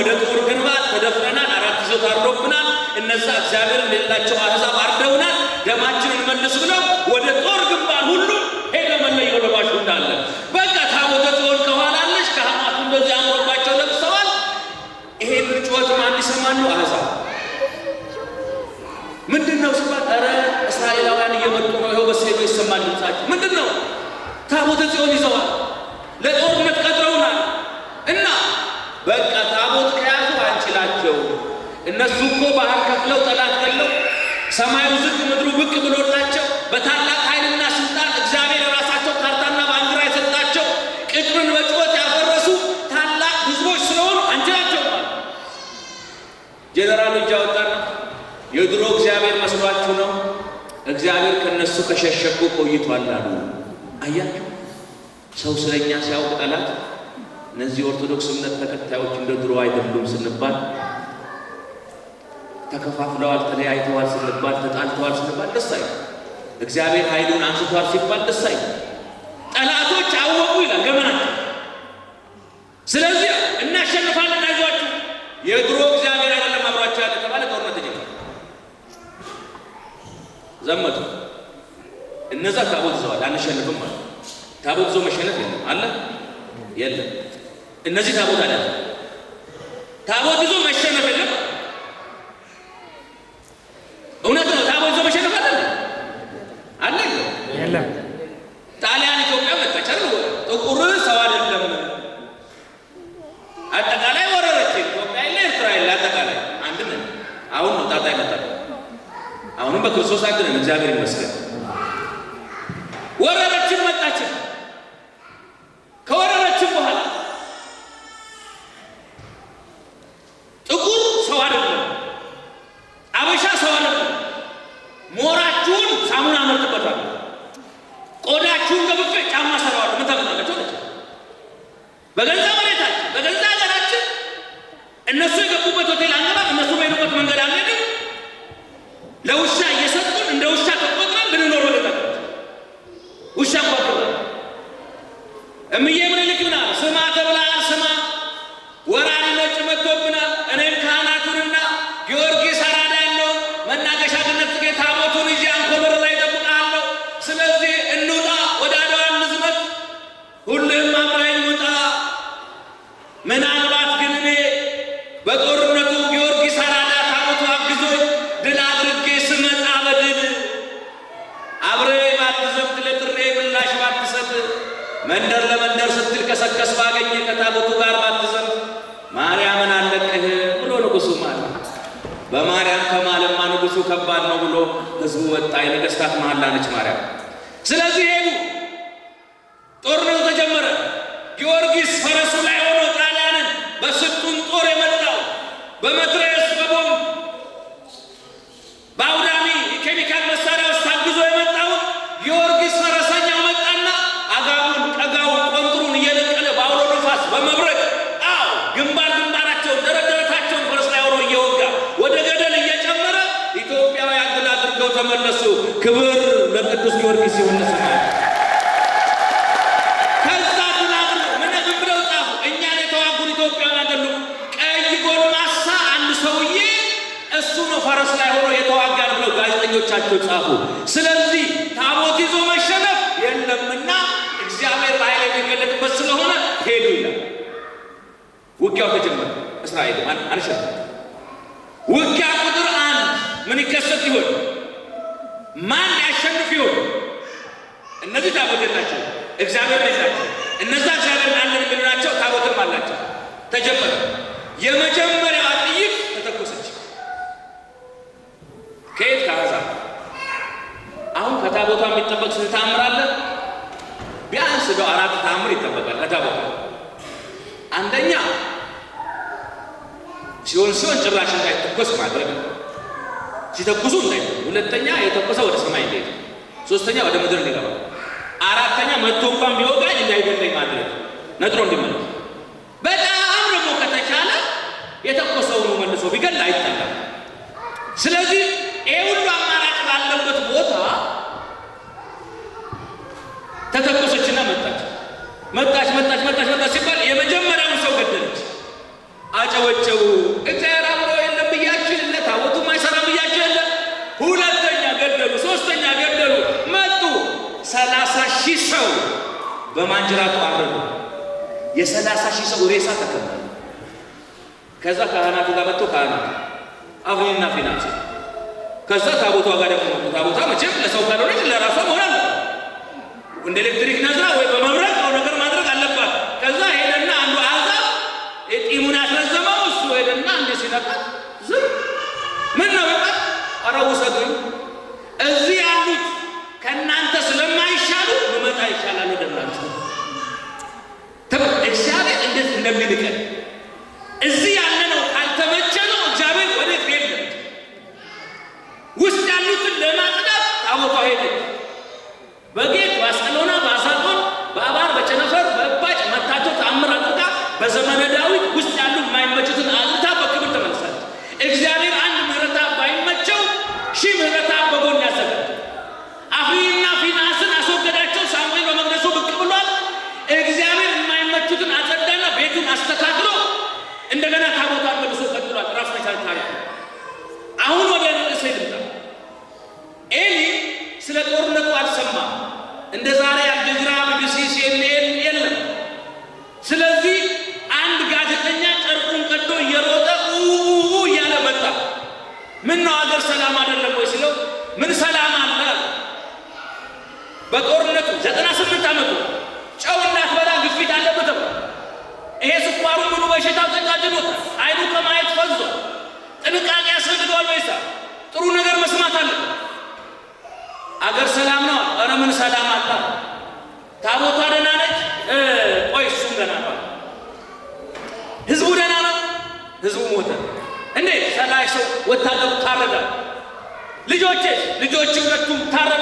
ወደ ጦር ግንባር ተደፍረናል። አራት ይዞት አርዶብናል። እነዛ እግዚአብሔር እንደሌላቸው አሕዛብ አርደውናል። ደማችንን መልስ ብለው ወደ ጦር ግንባር ሁሉ ሄደ መለዮ ለባሹ እንዳለ በቃ ታቦተ ጽዮን ከኋላለች። ካህናቱ እንደዚህ አምሮባቸው ለብሰዋል። ይሄን ጩኸት ማን ይሰማሉ? አሕዛብ ምንድን ነው ሲባል፣ ኧረ እስራኤላውያን እየመጡ ነው። ይኸው በሴሎ ይሰማል ድምፃቸው። ምንድን ነው ታቦተ ጽዮን ይዘዋል። ለጦርነት ቀጥረውናል እና በቃ እነሱ እኮ ባህር ከፍለው ጠላት ገለው ሰማዩ ዝቅ ምድሩ ብቅ ብሎላቸው በታላቅ ኃይልና ስልጣን እግዚአብሔር ራሳቸው ካርታና ባንዲራ የሰጣቸው ቅጥርን በጩኸት ያፈረሱ ታላቅ ህዝቦች ስለሆኑ አንቺ ናቸው። ጄኔራሉ እጅ አወጣና የድሮ እግዚአብሔር መስሏችሁ ነው። እግዚአብሔር ከነሱ ከሸሸጉ ቆይቷል አሉ። አያችሁ ሰው ስለኛ ሲያውቅ ጠላት እነዚህ ኦርቶዶክስ እምነት ተከታዮች እንደ ድሮ አይደሉም ስንባል ተከፋፍለዋል፣ ተለያይተዋል ስንባል፣ ተጣልተዋል ስንባል ደስ አይል። እግዚአብሔር ኃይሉን አንስቷል ሲባል ደስ አይል። ጠላቶች አወቁ ይላል ገመናቸው። ስለዚህ እናሸንፋለን፣ አይዟችሁ። የድሮ እግዚአብሔር አይደለም አብሯቸው ያለ ተባለ። ጦርነት ተጀመረ። ዘመቱ እነዛ ታቦት ይዘዋል፣ አንሸንፍም ማለት ታቦት ይዞ መሸነፍ የለም አለ የለም። እነዚህ ታቦት አለ ታቦት ይዞ መሸነፍ የለም በጦርነቱ ጊዮርጊስ አራዳ ታቦቱ አግዞ ድል አድርጌ ስመጣ በድል አብሬ ባትዘምት ለጥሬ ምላሽ ባትሰጥ መንደር ለመንደር ስትል ከሰከስ ባገኘ ከታቦቱ ጋር ባትዘምት ማርያምን አለቅህ ብሎ ንጉሱ ማለ። በማርያም ከማለማ ንጉሱ ከባድ ነው ብሎ ህዝቡ ወጣ። የነገስታት መሐላ ነች ማርያም። ስለዚህ በመትረየስ በቦምብ በአውዳሚ የኬሚካል መሳሪያዎች ታግዞ የመጣውን ጊዮርጊስ ፈረሰኛ መጣና አጋሙን ቀጋውን ቆንጥሩን እየለቀለ በአውሎ ነፋስ በመብረቅ አው ግንባር ግንባራቸውን ደረደረታቸውን ፈረስ ላይ አውሮ እየወጋ ወደ ገደል እየጨመረ ኢትዮጵያውያን ግን አድርገው ተመለሱ። ክብር ለቅዱስ ጊዮርጊስ ይሁን። በቀኞቻቸው ጻፉ። ስለዚህ ታቦት ይዞ መሸነፍ የለምና እግዚአብሔር በኃይል የሚገለጥበት ስለሆነ ሄዱ ይላል። ውጊያው ተጀመረ። እስራኤል አልሸነፈ። ውጊያ ቁጥር አንድ ምን ይከሰት ይሆን? ማን ያሸንፍ ይሆን? እነዚህ ታቦት የላቸው፣ እግዚአብሔር የላቸው። እነዛ እግዚአብሔር አለን የሚሉ ናቸው፣ ታቦትም አላቸው። ተጀመረ። የመጀመሪያዋ ጥይት ተተኮሰች። ከየት ቦታ የሚጠበቅ ስንት ተአምር አለ? ቢያንስ ዶ አራት ተአምር ይጠበቃል ቦታ። አንደኛ ሲሆን ሲሆን ጭራሽ እንዳይተኮስ ማድረግ ሲተኩሱ እንዳይ ሁለተኛ የተኮሰ ወደ ሰማይ እንዲሄድ፣ ሶስተኛ ወደ ምድር እንዲገባ፣ አራተኛ መቶ እንኳን ቢወጋኝ እንዳይገለኝ ማድረግ ነጥሮ እንዲመለስ። በጣም ደግሞ ከተቻለ የተኮሰውን መልሶ ቢገል አይታል ሺህ ሰው በማንጅራቱ አረዱ። የሰላሳ ሺህ ሰው ሬሳ ተከበረ። ከዛ ካህናቱ ጋር መጥቶ ካህናቱ አሁንና ፊናንስ ከዛ ታቦቷ ጋር ደግሞ ታቦታ መቼም ለሰው ካልሆነች ለራሷ መሆናል። እንደ ኤሌክትሪክ ነዝራ ወይ በመብረቅ ነው ነገር ማድረግ አለባት። ከዛ ሄደና አንዱ አሕዛብ ጢሙን አስረዘመው። እሱ ሄደና እንደ ሲነካ ዝም ምን ነው በቃ አረ ውሰዱኝ እንደ ዛሬ አልጀዚራ ቢቢሲ ሲኤንኤን የለም። ስለዚህ አንድ ጋዜጠኛ ጨርቁን ቀዶ እየሮጠ እያለ መጣ። ምን ነው አገር ሰላም አይደለም ወይ ሲለው ምን ሰላም አለ በጦርነቱ ዘጠና ስምንት ዓመቱ ጨው እንዳትበላ ግፊት አለበትም። ይሄ ስኳሩ ሙሉ በሽታው ተጫጭኖት አይኑ ከማየት ፈዞ ጥንቃቄ ያስፈልገዋል። ወይሳ ጥሩ ነገር መስማት አለበት። አገር ሰላም ነው። ኧረ ምን ሰላም አላ ታቦቷ ደህና ነች። ቆይ እሱም ደህና ነው። ህዝቡ ደህና ነው። ህዝቡ ሞተ። እንዴት ሰላይ ሰው ወታደሩ ታረዳል። ልጆቼ ልጆች ሁለቱም ታረዱ።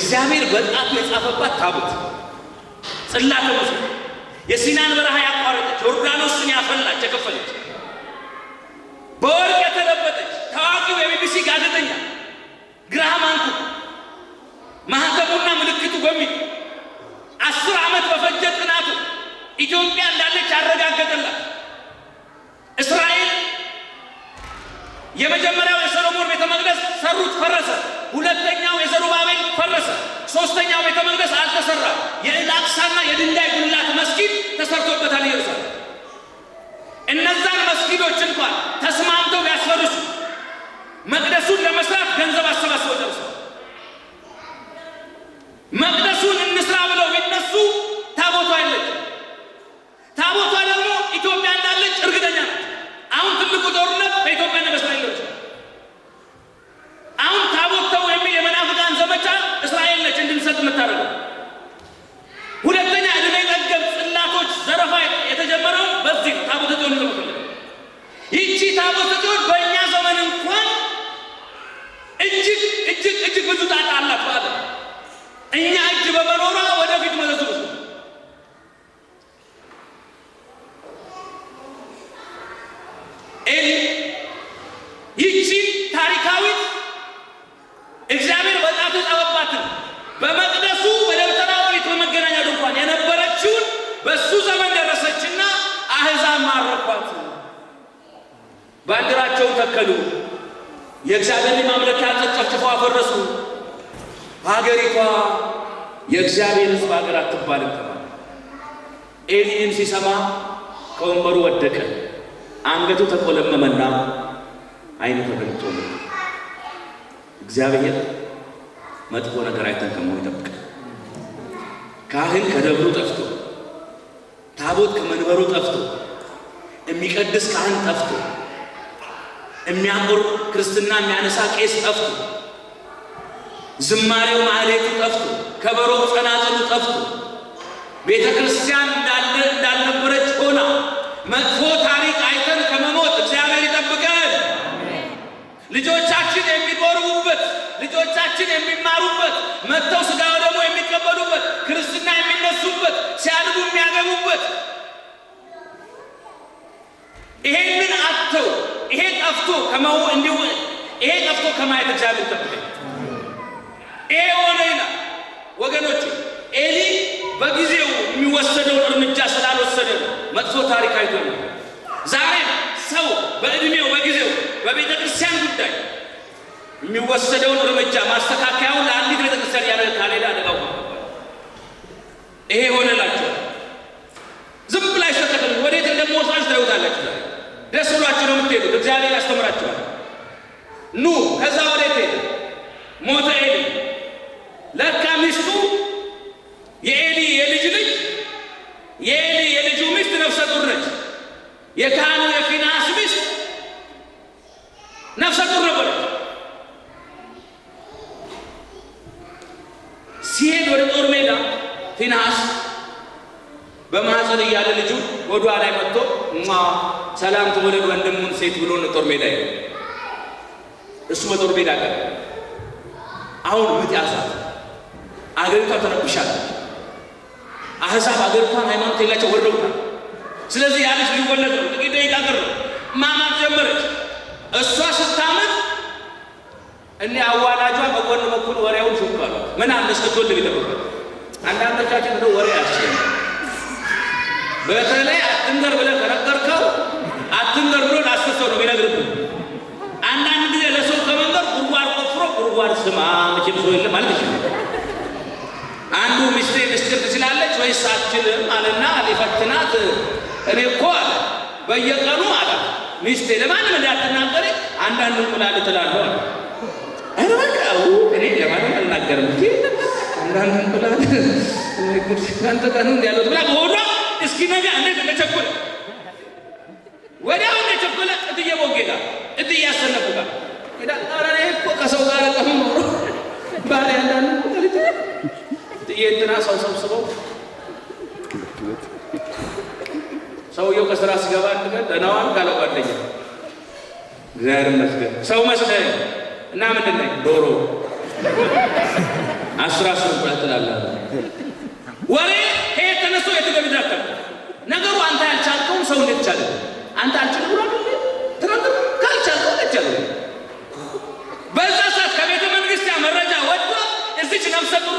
እግዚአብሔር በጣቱ የጻፈባት ታቦት ጽላተ ሙሴ የሲናን በረሃ ያቋረጠች፣ ዮርዳኖስን ያፈላች የከፈለች፣ በወርቅ የተለበጠች ታዋቂው የቢቢሲ ጋዜጠኛ ግራሃም ሃንኮክ ማህተሙና ምልክቱ ጎብኝ አስር ዓመት በፈጀ ጥናቱ ኢትዮጵያ እንዳለች ያረጋገጠላት። እስራኤል የመጀመሪያው የሰሎሞን ቤተ መቅደስ ሰሩት፣ ፈረሰ። ሁለተኛው የዘሩባ ጉልላት ፈረሰ። ሶስተኛው ቤተ መቅደስ አልተሰራም። የአልአቅሳና የድንጋይ ጉልላት መስጊድ ተሰርቶበታል። ኢየሩሳሌም እነዛን መስጊዶች እንኳን ተስማምተው ቢያስፈርሱ መቅደሱን ለመስራት ገንዘብ አሰባስበው ደርሰዋል። መቅደሱን እንስራ ብለው ቢነሱ ታቦቷ የለች። ታቦቷ ደግሞ ኢትዮጵያ እንዳለች እርግጠኛ ናት። አሁን ትልቁ ጦርነት በኢትዮጵያና በእስራኤል የእግዚአብሔርን ማምለኪያ ዐፀድ ጨፍጭፈው አፈረሱ። ሀገሪቷ የእግዚአብሔር ሕዝብ ሀገር አትባልም ተባለ። ኤሊን ሲሰማ ከወንበሩ ወደቀ፣ አንገቱ ተቆለመመና ዓይኑ ተገልጦ እግዚአብሔር መጥፎ ነገር አይተን ከመሆን ይጠብቃል። ካህን ከደብሩ ጠፍቶ፣ ታቦት ከመንበሩ ጠፍቶ፣ የሚቀድስ ካህን ጠፍቶ የሚያምር ክርስትና የሚያነሳ ቄስ ጠፍቶ፣ ዝማሬው ማህሌቱ ጠፍቶ፣ ከበሮ ጸናጽሉ ጠፍቶ፣ ቤተ ክርስቲያን እንዳለ እንዳልነበረች ሆና መጥፎ ታሪክ አይተን ከመሞት እግዚአብሔር ይጠብቀን። ልጆቻችን የሚቆርቡበት፣ ልጆቻችን የሚማሩበት፣ መጥተው ስጋ ደግሞ የሚቀበሉበት፣ ክርስትና የሚነሱበት፣ ሲያድጉ የሚያገቡበት ይሄንን አተው። ይሄ ጠፍቶ ከመው እንዲሁ ይሄ ጠፍቶ ከማየት እግዚአብሔር ጠብቀኝ። ይሄ ሆነ ይላል ወገኖች። ኤሊ በጊዜው የሚወሰደውን እርምጃ ስላልወሰደ መጥፎ ታሪክ አይቶ ነው። ሰው በእድሜው በጊዜው በቤተ ክርስቲያን ጉዳይ የሚወሰደውን እርምጃ ማስተካከያውን ለአንዲት ቤተ ክርስቲያን ያለ ካልሄደ አደጋው ይሄ ሆነላቸው። ዝም ብላችሁ ወዴት እንደምወስዳችሁ ታዩታላችሁ። ደስ ብሏችሁ ነው የምትሄዱት። እግዚአብሔር ያስተምራችኋል። ኑ ከዛ ወደ ሄዱ? ሞተ ኤሊ። ለካ ሚስቱ የኤሊ የልጅ ልጅ የኤሊ የልጁ ሚስት ነፍሰ ጡር ነች። የካህኑ የፊናስ ሚስት ነፍሰ ጡር ነበረች። ሲሄድ ወደ ጦር ሜዳ ፊናስ በማኅፀን እያለ ልጁ ወዷ ላይ መጥቶ ሰላም ተወለድ ወንድሙን ሴት ብሎ ጦር ሜዳ ይ እሱ በጦር ሜዳ ቀረ። አሁን ምጥ ያዛት፣ አገሪቷ ተረብሻለች። አህዛብ አገሪቷን ሃይማኖት የላቸው ወርደውታል። ስለዚህ ያለች ሊወለድ ነው። ጥቂት ደቂቃ ቀረ። ማማት ጀመረች። እሷ ስታምጥ እኔ አዋላጇ በጎን በኩል ወሬውን ሽባሉ ምን አለ እስክትወልድ ቢጠበቃል። አንዳንዶቻችን ወደ ወሬ ያስ በተለይ አትንገር ብለን ተነገር ሰው ነው የሚነግርብን። አንዳንድ ጊዜ ለሰው ከመንገር ጉድጓድ ቆፍሮ ጉድጓድ ስማ መቼም ሰው የለም ማለት ይችላል። አንዱ ሚስቴ ምስጢር ትችላለች ወይስ አችልም አለና ሊፈትናት እኔ እኮ አለ በየቀኑ አለ ሚስቴ ለማንም እንዳትናገሪ አንዳንዱ እንቁላል ትላለሁ አለ እኔ ለማንም አልናገርም አንዳንዱ እንቁላል ቀን ተቀኑ እንዲያለት ብላ በሆዷ እስኪ ነገ እንዴት እንደቸኮል ወዲያው እንደቸኮለ እትዬ ቦጌ ጋር እትዬ አሰነፉ ጋር ሄዳ ኧረ እኮ ከሰው ጋር ለምኖሩ ባል ያንዳንዱ ልጅ እትዬ እንትና ሰው ሰብስበው ሰውየው ከስራ ሲገባ አንድ ቀን ደህና ጓደኛ እግዚአብሔር ይመስገን ሰው መስለህ እና ምንድን ነኝ ዶሮ አስራ አስር ብለህ ትላለህ። ወሬ ከየት ተነስቶ የት ገብ ነገሩ አንተ ያልቻልከውን ሰው እንዴት ቻለ? አንተ አልችልም ብሎ ትናንት ካልቻልኩ ነቻለ በዛ ሰዓት ከቤተ መንግስት መረጃ ወጥቶ እዚች ነፍሰ